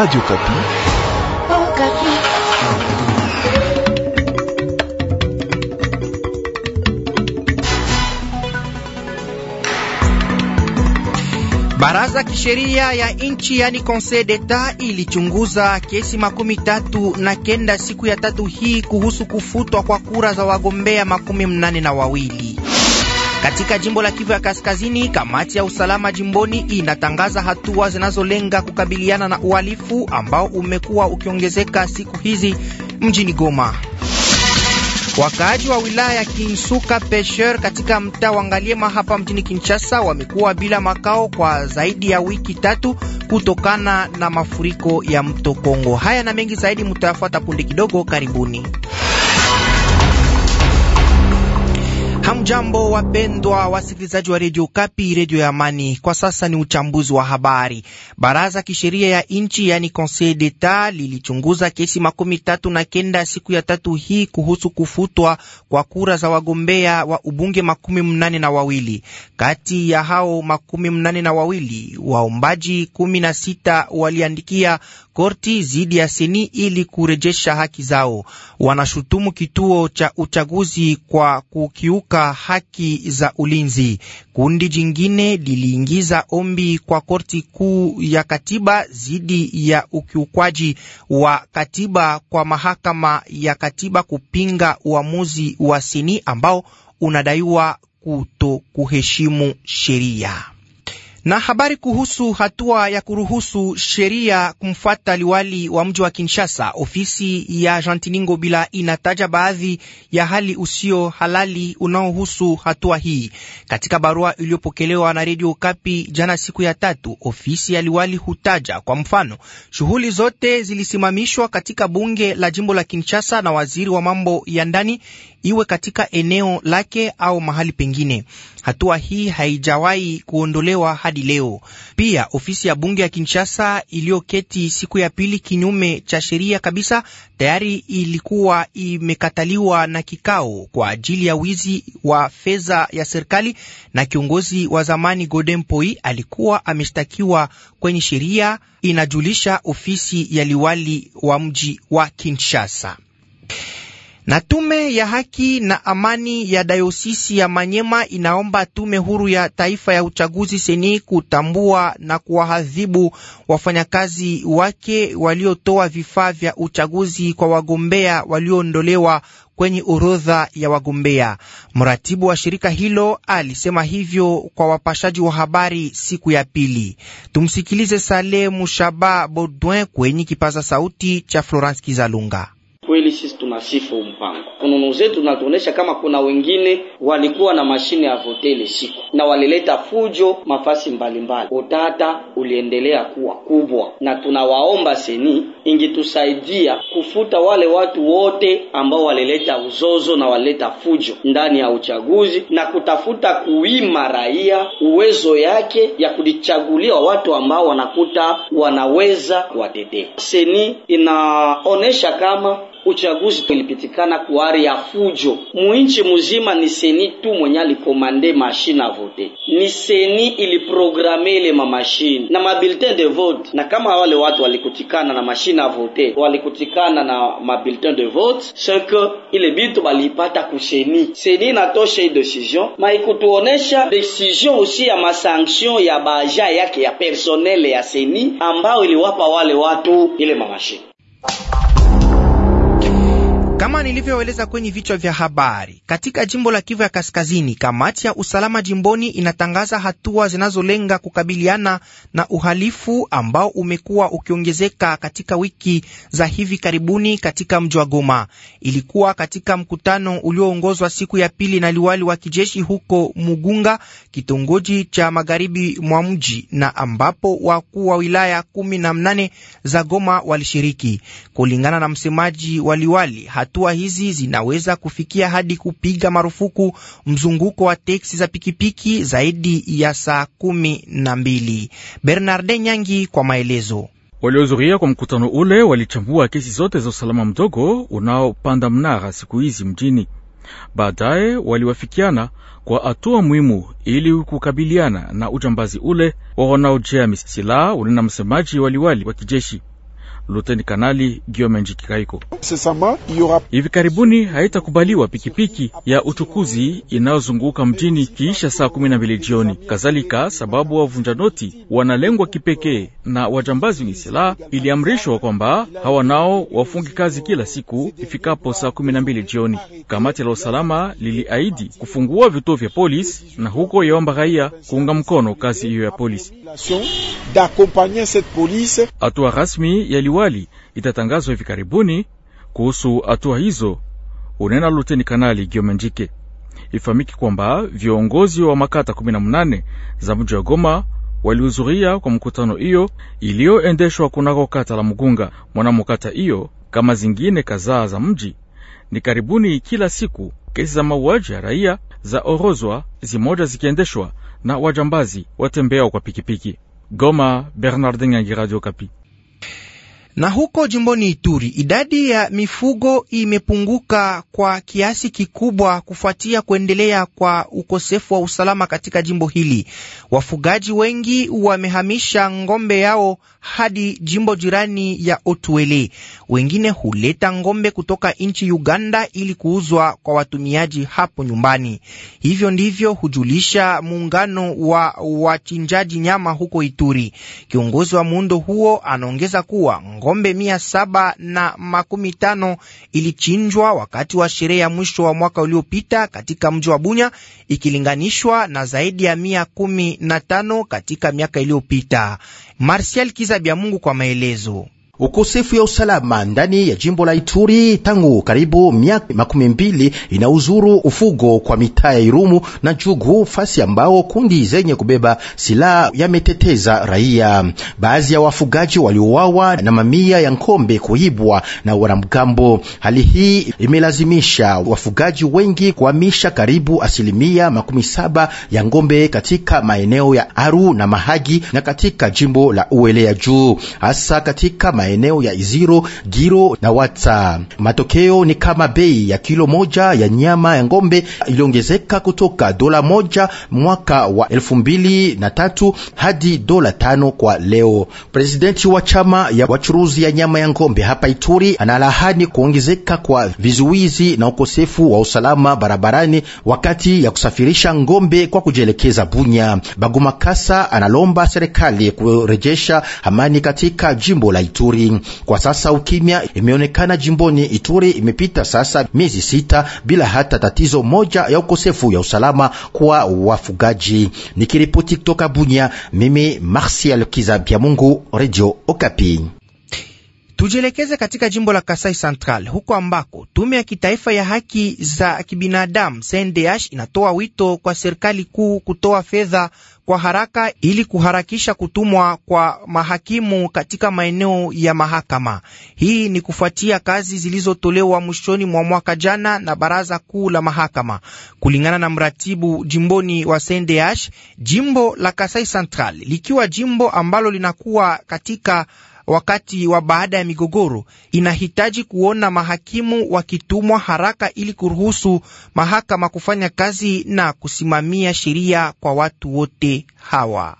Radio Kapi. Oh, Kapi. Baraza kisheria ya nchi yani Conseil d'Etat ilichunguza kesi makumi tatu na kenda siku ya tatu hii kuhusu kufutwa kwa kura za wagombea makumi mnane na wawili. Katika jimbo la Kivu ya Kaskazini, kamati ya usalama jimboni inatangaza hatua zinazolenga kukabiliana na uhalifu ambao umekuwa ukiongezeka siku hizi mjini Goma. Wakaaji wa wilaya ya Kinsuka Pesher katika mtaa wa Ngaliema hapa mjini Kinshasa wamekuwa bila makao kwa zaidi ya wiki tatu kutokana na mafuriko ya mto Kongo. Haya na mengi zaidi mutayafuata punde kidogo. Karibuni. Hamjambo, wapendwa wasikilizaji wa redio Kapi, redio ya Amani. Kwa sasa ni uchambuzi wa habari. Baraza kisheria ya nchi yani Conseil d'Etat lilichunguza kesi makumi tatu na kenda siku ya tatu hii kuhusu kufutwa kwa kura za wagombea wa ubunge makumi mnane na wawili. Kati ya hao makumi mnane na wawili waombaji kumi na sita waliandikia korti dhidi ya seni ili kurejesha haki zao. Wanashutumu kituo cha uchaguzi kwa kukiuka haki za ulinzi. Kundi jingine liliingiza ombi kwa korti kuu ya katiba dhidi ya ukiukwaji wa katiba kwa mahakama ya katiba kupinga uamuzi wa seni ambao unadaiwa kuto kuheshimu sheria na habari kuhusu hatua ya kuruhusu sheria kumfuata liwali wa mji wa Kinshasa. Ofisi ya Jantiningo bila inataja baadhi ya hali usio halali unaohusu hatua hii. Katika barua iliyopokelewa na redio Kapi jana siku ya tatu, ofisi ya liwali hutaja kwa mfano, shughuli zote zilisimamishwa katika bunge la jimbo la Kinshasa na waziri wa mambo ya ndani iwe katika eneo lake au mahali pengine. Hatua hii haijawahi kuondolewa hadi leo. Pia ofisi ya bunge ya Kinshasa iliyoketi siku ya pili kinyume cha sheria kabisa tayari ilikuwa imekataliwa na kikao kwa ajili ya wizi wa fedha ya serikali, na kiongozi wa zamani Godem Poi alikuwa ameshtakiwa kwenye sheria, inajulisha ofisi ya liwali wa mji wa Kinshasa na tume ya haki na amani ya dayosisi ya Manyema inaomba tume huru ya taifa ya uchaguzi seni kutambua na kuwahadhibu wafanyakazi wake waliotoa vifaa vya uchaguzi kwa wagombea walioondolewa kwenye orodha ya wagombea. Mratibu wa shirika hilo alisema hivyo kwa wapashaji wa habari siku ya pili. Tumsikilize sale Mushaba Baudouin kwenye kipaza sauti cha Florence Kizalunga. Kweli tunasifu mpango kununu zetu natuonesha kama kuna wengine walikuwa na mashine ya votele siku na walileta fujo mafasi mbalimbali mbali. Utata uliendelea kuwa kubwa, na tunawaomba seni ingitusaidia kufuta wale watu wote ambao walileta uzozo na walileta fujo ndani ya uchaguzi na kutafuta kuima raia uwezo yake ya kulichagulia watu ambao wanakuta wanaweza kuwatetea. Seni inaonesha kama uchaguzi ilipitikana kuari ya fujo muinchi muzima. Ni seni tu mwenye alikomande mashine avote, ni seni iliprograme ile mamashine na mabulletin de vote. Na kama wale watu walikutikana na mashine avote walikutikana na mabulletin de vote, seke ile bitu baliipata kuseni seni natosha hii decision, maikutuonesha decision usi ya masanction ya baja yake ya personele ya seni ambao iliwapa wale watu ile mamashine kama nilivyoeleza kwenye vichwa vya habari, katika jimbo la Kivu ya Kaskazini, kamati ya usalama jimboni inatangaza hatua zinazolenga kukabiliana na uhalifu ambao umekuwa ukiongezeka katika wiki za hivi karibuni katika mji wa Goma. Ilikuwa katika mkutano ulioongozwa siku ya pili na liwali wa kijeshi huko Mugunga, kitongoji cha magharibi mwa mji, na ambapo wakuu wa wilaya kumi na mnane za Goma walishiriki, kulingana na msemaji wa liwali hatua hizi zinaweza kufikia hadi kupiga marufuku mzunguko wa teksi za pikipiki zaidi ya saa kumi na mbili. Bernarde Nyangi kwa maelezo. Waliohudhuria kwa mkutano ule walichambua kesi zote za usalama mdogo unaopanda mnara siku hizi mjini. Baadaye waliwafikiana kwa hatua muhimu ili kukabiliana na ujambazi ule wa wanaojea silaha, unena msemaji waliwali wa kijeshi. Luteni Kanali Giome Njikikaiko. Hivi karibuni haitakubaliwa pikipiki ya uchukuzi inayozunguka mjini kiisha saa kumi na mbili jioni, kadhalika sababu wavunja noti wanalengwa kipekee na wajambazi wenye silaha. Iliamrishwa kwamba hawa nao wafungi kazi kila siku ifikapo saa kumi na mbili jioni. Kamati la usalama liliahidi kufungua vituo vya polisi na huko yaomba raia kuunga mkono kazi hiyo ya polisi. Hatua rasmi yaliwa liwali itatangazwa hivi karibuni kuhusu hatua hizo, unena luteni kanali Giomenjike. Ifahamiki kwamba viongozi wa makata 18 za mji wa Goma walihudhuria kwa mkutano hiyo iliyoendeshwa kunako kata la Mugunga. Mwanamo kata hiyo kama zingine kadhaa za mji, ni karibuni kila siku kesi za mauaji ya raia za orozwa zimoja zikiendeshwa na wajambazi watembeao kwa pikipiki. Goma, Bernardin Nyangi, Radio Kapi. Na huko jimboni Ituri, idadi ya mifugo imepunguka kwa kiasi kikubwa kufuatia kuendelea kwa ukosefu wa usalama katika jimbo hili. Wafugaji wengi wamehamisha ng'ombe yao hadi jimbo jirani ya Otuele. Wengine huleta ng'ombe kutoka nchi Uganda ili kuuzwa kwa watumiaji hapo nyumbani. Hivyo ndivyo hujulisha muungano wa wachinjaji nyama huko Ituri. Kiongozi wa muundo huo anaongeza kuwa ng'ombe mia saba na makumi tano ilichinjwa wakati wa sherehe ya mwisho wa mwaka uliopita katika mji wa Bunya ikilinganishwa na zaidi ya mia kumi na tano katika miaka iliyopita. Marsial kizabia Mungu kwa maelezo. Ukosefu ya usalama ndani ya jimbo la Ituri tangu karibu miaka makumi mbili inauzuru ufugo kwa mitaa ya Irumu na Jugu, fasi ambao kundi zenye kubeba silaha yameteteza raia. Baadhi ya wafugaji waliuawa na mamia ya ng'ombe kuibwa na wanamgambo. Hali hii imelazimisha wafugaji wengi kuhamisha karibu asilimia makumi saba ya ng'ombe katika maeneo ya Aru na Mahagi na katika jimbo la Uele ya juu hasa katika maeneo ya Iziro, Giro na Wata. Matokeo ni kama bei ya kilo moja ya nyama ya ng'ombe iliongezeka kutoka dola moja mwaka wa elfu mbili na tatu hadi dola tano kwa leo. Presidenti wa chama ya wachuruzi ya nyama ya ng'ombe hapa Ituri analahani kuongezeka kwa vizuizi na ukosefu wa usalama barabarani wakati ya kusafirisha ng'ombe kwa kujielekeza Bunya. Bagumakasa analomba serikali kurejesha amani katika jimbo la Ituri. Ituri. Kwa sasa ukimya imeonekana jimboni Ituri, imepita sasa miezi sita bila hata tatizo moja ya ukosefu ya usalama kwa wafugaji. Nikiripoti kutoka Bunya, mimi Martial Kizabia Mungu, Radio Okapi. Tujielekeze katika jimbo la Kasai Central, huko ambako tume ya kitaifa ya haki za kibinadamu CNDH inatoa wito kwa serikali kuu kutoa fedha kwa haraka ili kuharakisha kutumwa kwa mahakimu katika maeneo ya mahakama. Hii ni kufuatia kazi zilizotolewa mwishoni mwa mwaka jana na baraza kuu la mahakama. Kulingana na mratibu jimboni wa CNDH, jimbo la Kasai Central likiwa jimbo ambalo linakuwa katika wakati wa baada ya migogoro inahitaji kuona mahakimu wakitumwa haraka ili kuruhusu mahakama kufanya kazi na kusimamia sheria kwa watu wote hawa.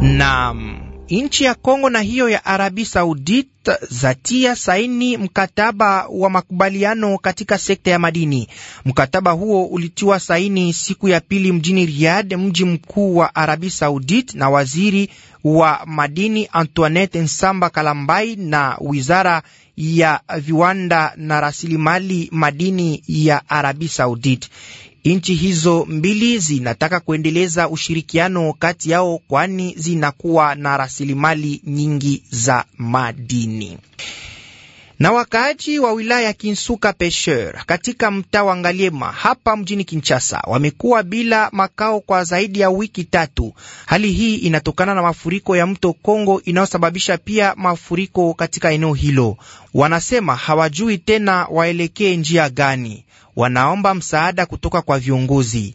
Naam. Nchi ya Kongo na hiyo ya Arabi Saudit zatia saini mkataba wa makubaliano katika sekta ya madini. Mkataba huo ulitiwa saini siku ya pili mjini Riyadh, mji mkuu wa Arabi Saudit, na waziri wa madini Antoinette Nsamba Kalambai na wizara ya viwanda na rasilimali madini ya Arabi Saudit. Nchi hizo mbili zinataka kuendeleza ushirikiano kati yao, kwani zinakuwa na rasilimali nyingi za madini. Na wakaaji wa wilaya ya Kinsuka Pesheur katika mtaa wa Ngaliema hapa mjini Kinshasa wamekuwa bila makao kwa zaidi ya wiki tatu. Hali hii inatokana na mafuriko ya mto Kongo inayosababisha pia mafuriko katika eneo hilo. Wanasema hawajui tena waelekee njia gani wanaomba msaada kutoka kwa viongozi.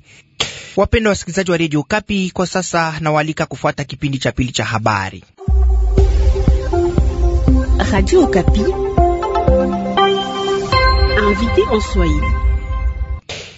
Wapendwa wasikilizaji wa redio Kapi, kwa sasa nawaalika kufuata kipindi cha pili cha habari. Radio Kapi en Swahili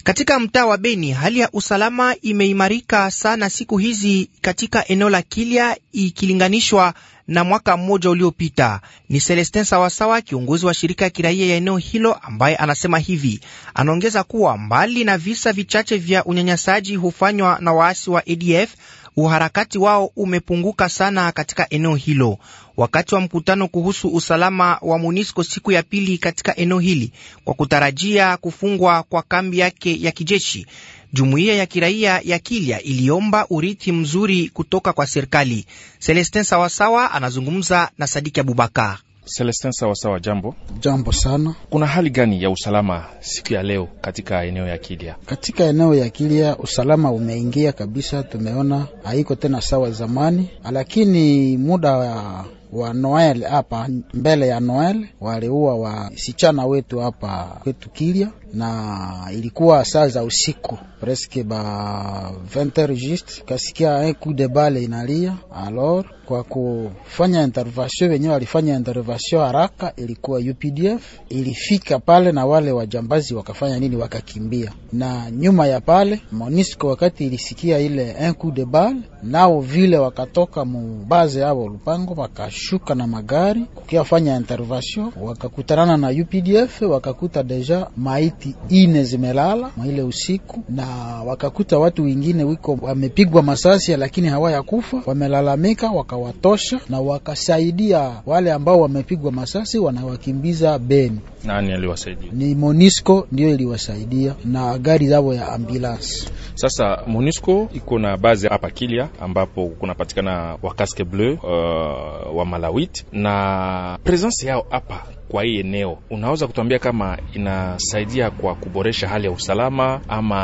katika mtaa wa Beni hali ya usalama imeimarika sana siku hizi katika eneo la Kilya ikilinganishwa na mwaka mmoja uliopita. Ni Celestin Sawasawa, kiongozi wa shirika ya kiraia ya eneo hilo, ambaye anasema hivi. Anaongeza kuwa mbali na visa vichache vya unyanyasaji hufanywa na waasi wa ADF uharakati wao umepunguka sana katika eneo hilo. Wakati wa mkutano kuhusu usalama wa MONUSCO siku ya pili katika eneo hili, kwa kutarajia kufungwa kwa kambi yake ya kijeshi, jumuiya ya kiraia ya Kilya iliomba urithi mzuri kutoka kwa serikali. Celestin Sawasawa anazungumza na Sadiki Abubakar. Celestin, sawasawa, jambo. Jambo sana. Kuna hali gani ya usalama siku ya leo katika eneo ya Kilia? Katika eneo ya Kilia usalama umeingia kabisa, tumeona haiko tena sawa zamani, lakini muda wa wa Noel hapa mbele ya Noel waliua wasichana wetu hapa kwetu Kilia, na ilikuwa saa za usiku presque ba 20 juste, kasikia un coup de balle inalia. Alors kwa kufanya intervention, wenyewe walifanya intervention haraka, ilikuwa UPDF ilifika pale na wale wajambazi wakafanya nini, wakakimbia. Na nyuma ya pale Monisco, wakati ilisikia ile un coup de balle, nao vile wakatoka mubaze yao Lupango, wakashuka na magari kukiwafanya intervention, wakakutanana na UPDF, wakakuta deja maiti wakati ine zimelala mwaile usiku, na wakakuta watu wengine wiko wamepigwa masasi, lakini hawaya kufa, wamelalamika, wakawatosha na wakasaidia wale ambao wamepigwa masasi, wanawakimbiza Beni. Nani aliwasaidia? Ni Monisco ndio iliwasaidia na gari zao ya ambulance. Sasa Monisco iko na bazi hapa Kilia ambapo kunapatikana wa casque bleu uh, wa Malawit na presence yao hapa kwa hii eneo, unaweza kutuambia kama inasaidia inasaidia kwa kuboresha hali ya usalama ama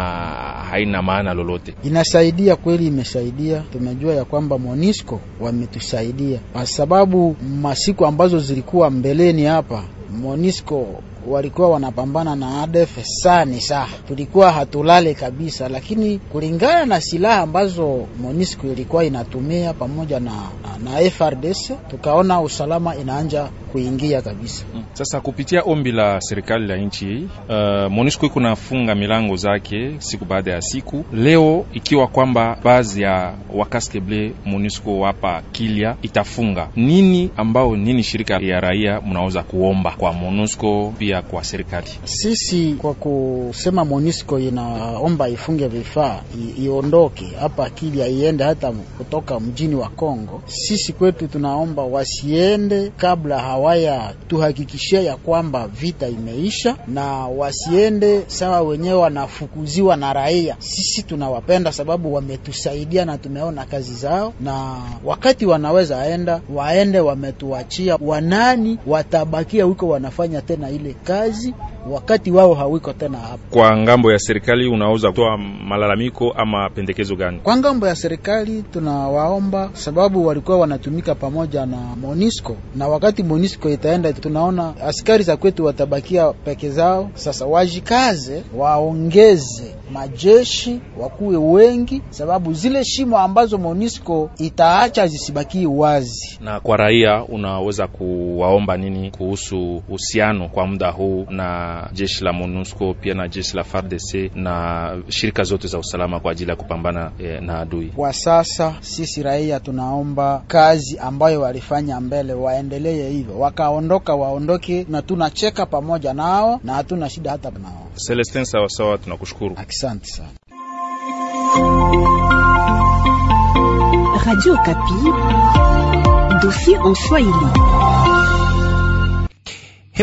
haina maana lolote? Inasaidia kweli, imesaidia. tumejua ya kwamba monisco wametusaidia kwa sababu masiku ambazo zilikuwa mbeleni hapa monisco walikuwa wanapambana na ADF sana sana, tulikuwa hatulale kabisa, lakini kulingana na silaha ambazo Monisco ilikuwa inatumia pamoja na, na, na FRDC tukaona usalama inaanja kuingia kabisa. Mm. Sasa kupitia ombi la serikali la nchi hii uh, MONUSCO iko nafunga milango zake siku baada ya siku, leo ikiwa kwamba baadhi ya wakasteble MONUSCO hapa Kilia itafunga nini, ambao nini shirika ya raia mnaweza kuomba kwa MONUSCO pia kwa serikali? Sisi kwa kusema MONUSCO inaomba ifunge vifaa iondoke hapa Kilia iende hata kutoka mjini wa Kongo. Sisi kwetu tunaomba wasiende kabla hawa waya tuhakikishia ya kwamba vita imeisha na wasiende sawa wenyewe wanafukuziwa na raia. Sisi tunawapenda sababu wametusaidia na tumeona kazi zao, na wakati wanaweza enda waende, wametuachia wanani watabakia huko wanafanya tena ile kazi wakati wao hawiko tena hapa. Kwa ngambo ya serikali, unaweza kutoa malalamiko ama pendekezo gani? Kwa ngambo ya serikali, tunawaomba sababu walikuwa wanatumika pamoja na Monisco, na wakati Monisco itaenda, tunaona askari za kwetu watabakia peke zao. Sasa wajikaze, waongeze majeshi, wakuwe wengi, sababu zile shimo ambazo Monisco itaacha zisibakie wazi. Na kwa raia, unaweza kuwaomba nini kuhusu uhusiano kwa muda huu na jeshi la MONUSCO pia na jeshi la FARDC na shirika zote za usalama kwa ajili ya kupambana eh, na adui. Kwa sasa sisi raia tunaomba kazi ambayo walifanya mbele waendelee hivyo, wakaondoka waondoke, na tunacheka pamoja nao na hatuna shida hata nao. Celestin, sawasawa, tunakushukuru, asante sana. Radio Kapi, dossier en Swahili.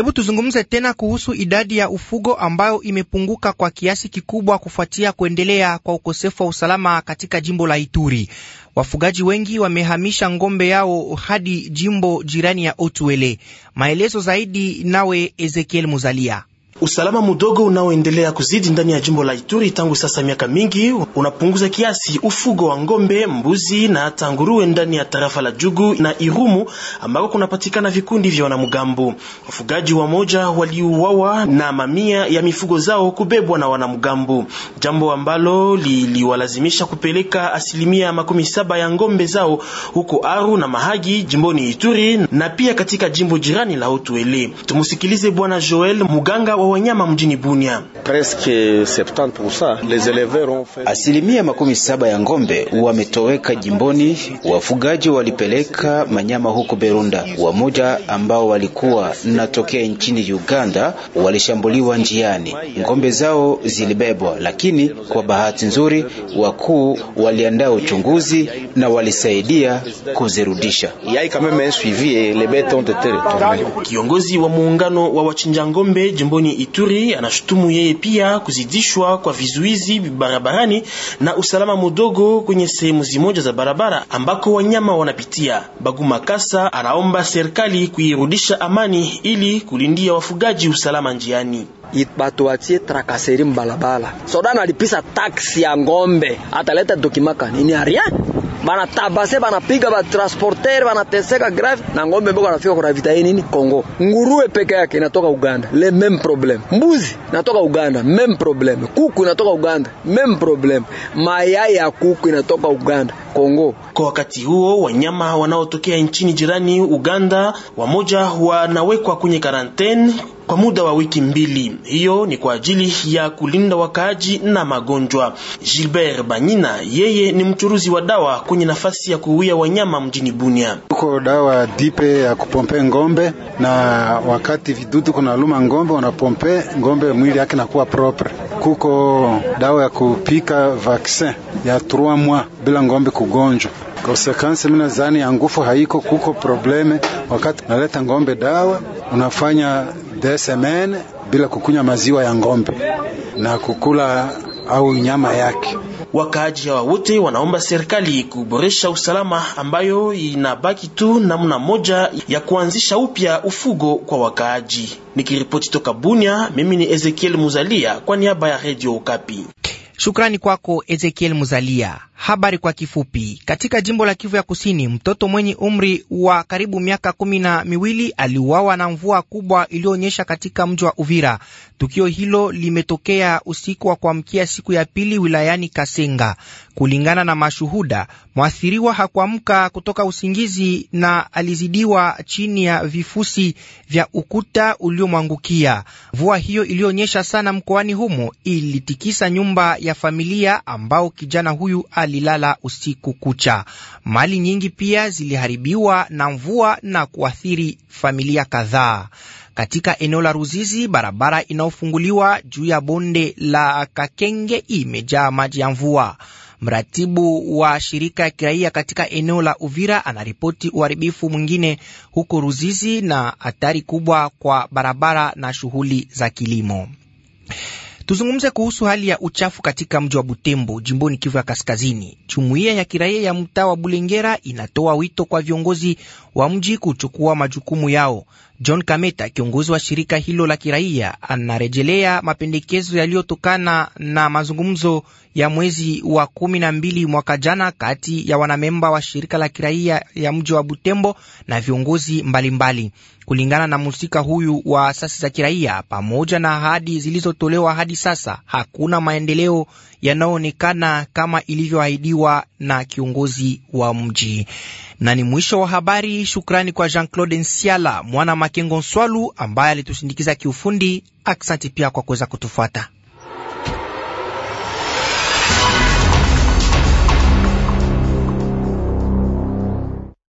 Hebu tuzungumze tena kuhusu idadi ya ufugo ambayo imepunguka kwa kiasi kikubwa kufuatia kuendelea kwa ukosefu wa usalama katika jimbo la Ituri. Wafugaji wengi wamehamisha ng'ombe yao hadi jimbo jirani ya Otuele. Maelezo zaidi nawe Ezekiel Muzalia. Usalama mdogo unaoendelea kuzidi ndani ya jimbo la Ituri tangu sasa miaka mingi unapunguza kiasi ufugo wa ngombe, mbuzi na hata nguruwe ndani ya tarafa la Jugu na Irumu ambako kunapatikana vikundi vya wanamgambo. Wafugaji wa moja waliuawa na mamia ya mifugo zao kubebwa na wanamgambo, jambo ambalo liliwalazimisha kupeleka asilimia makumi saba ya ngombe zao huko Aru na Mahagi jimboni Ituri na pia katika jimbo jirani la Otuele. Tumusikilize Bwana Joel Muganga wa wanyama mjini Bunia. Asilimia makumi saba ya ngombe wametoweka jimboni. Wafugaji walipeleka manyama huko Berunda. Wamoja ambao walikuwa natokea nchini Uganda walishambuliwa njiani, ngombe zao zilibebwa, lakini kwa bahati nzuri wakuu waliandaa uchunguzi na walisaidia kuzirudisha. Kiongozi wa muungano wa wachinja ngombe jimboni mjini Ituri anashutumu yeye pia kuzidishwa kwa vizuizi barabarani na usalama mdogo kwenye sehemu zimoja za barabara ambako wanyama wanapitia. Baguma Kasa anaomba serikali kuirudisha amani ili kulindia wafugaji usalama njiani. Batuatie trakaseri mbalabala. Sodana alipisa taksi ya ngombe ataleta dokimaka nini aria bana bana tabase piga ba banapiga bana teseka grave na ngombe mboko anafika vita hii nini Kongo. Nguruwe peke yake inatoka Uganda, le même problème. Mbuzi natoka Uganda, même problème. Kuku inatoka Uganda, même problème. Mayai ya kuku inatoka Uganda, Kongo. Kwa wakati huo wanyama wanaotokea nchini jirani Uganda, wamoja wanawekwa kwenye karantini kwa muda wa wiki mbili. Hiyo ni kwa ajili ya kulinda wakaaji na magonjwa. Gilbert Banyina yeye ni mchuruzi wa dawa kwenye nafasi ya kuuia wanyama mjini Bunia. Uko dawa dipe ya kupompe ngombe, na wakati vidudu kuna luma ngombe wanapompe ngombe mwili yake nakuwa propre. Kuko dawa ya kupika vaksin ya 3 mwa bila ngombe kugonjwa konsekansi mina zani ya ngufu haiko. Kuko probleme wakati unaleta ngombe dawa unafanya de semaine bila kukunywa maziwa ya ng'ombe na kukula au nyama yake. Wakaaji hawa wote wanaomba serikali kuboresha usalama ambayo inabaki tu namna moja ya kuanzisha upya ufugo kwa wakaaji. Nikiripoti toka Bunia, mimi ni Ezekiel Muzalia kwa niaba ya Radio Okapi. Shukrani kwako Ezekiel Muzalia. Habari kwa kifupi. Katika jimbo la Kivu ya Kusini, mtoto mwenye umri wa karibu miaka kumi na miwili aliuawa na mvua kubwa iliyoonyesha katika mji wa Uvira. Tukio hilo limetokea usiku wa kuamkia siku ya pili wilayani Kasenga. Kulingana na mashuhuda, mwathiriwa hakuamka kutoka usingizi na alizidiwa chini ya vifusi vya ukuta uliomwangukia. Mvua hiyo iliyoonyesha sana mkoani humo ilitikisa nyumba ya familia ambao kijana huyu ali walilala usiku kucha. Mali nyingi pia ziliharibiwa na mvua na kuathiri familia kadhaa. Katika eneo la Ruzizi, barabara inayofunguliwa juu ya bonde la Kakenge imejaa maji ya mvua. Mratibu wa shirika ya kiraia katika eneo la Uvira anaripoti uharibifu mwingine huko Ruzizi na hatari kubwa kwa barabara na shughuli za kilimo. Tuzungumze kuhusu hali ya uchafu katika mji wa Butembo, jimboni Kivu ya Kaskazini. Jumuiya ya kiraia ya mtaa wa Bulengera inatoa wito kwa viongozi wa mji kuchukua majukumu yao. John Kameta, kiongozi wa shirika hilo la kiraia, anarejelea mapendekezo yaliyotokana na mazungumzo ya mwezi wa kumi na mbili mwaka jana kati ya wanamemba wa shirika la kiraia ya mji wa Butembo na viongozi mbalimbali mbali. Kulingana na mhusika huyu wa asasi za kiraia, pamoja na ahadi zilizotolewa hadi sasa, hakuna maendeleo yanayoonekana kama ilivyoahidiwa na kiongozi wa mji. Na ni mwisho wa habari. Shukrani kwa Jean Claude Nsiala, mwana Makengo Nswalu ambaye alitushindikiza kiufundi. Aksanti pia kwa kuweza kutufuata.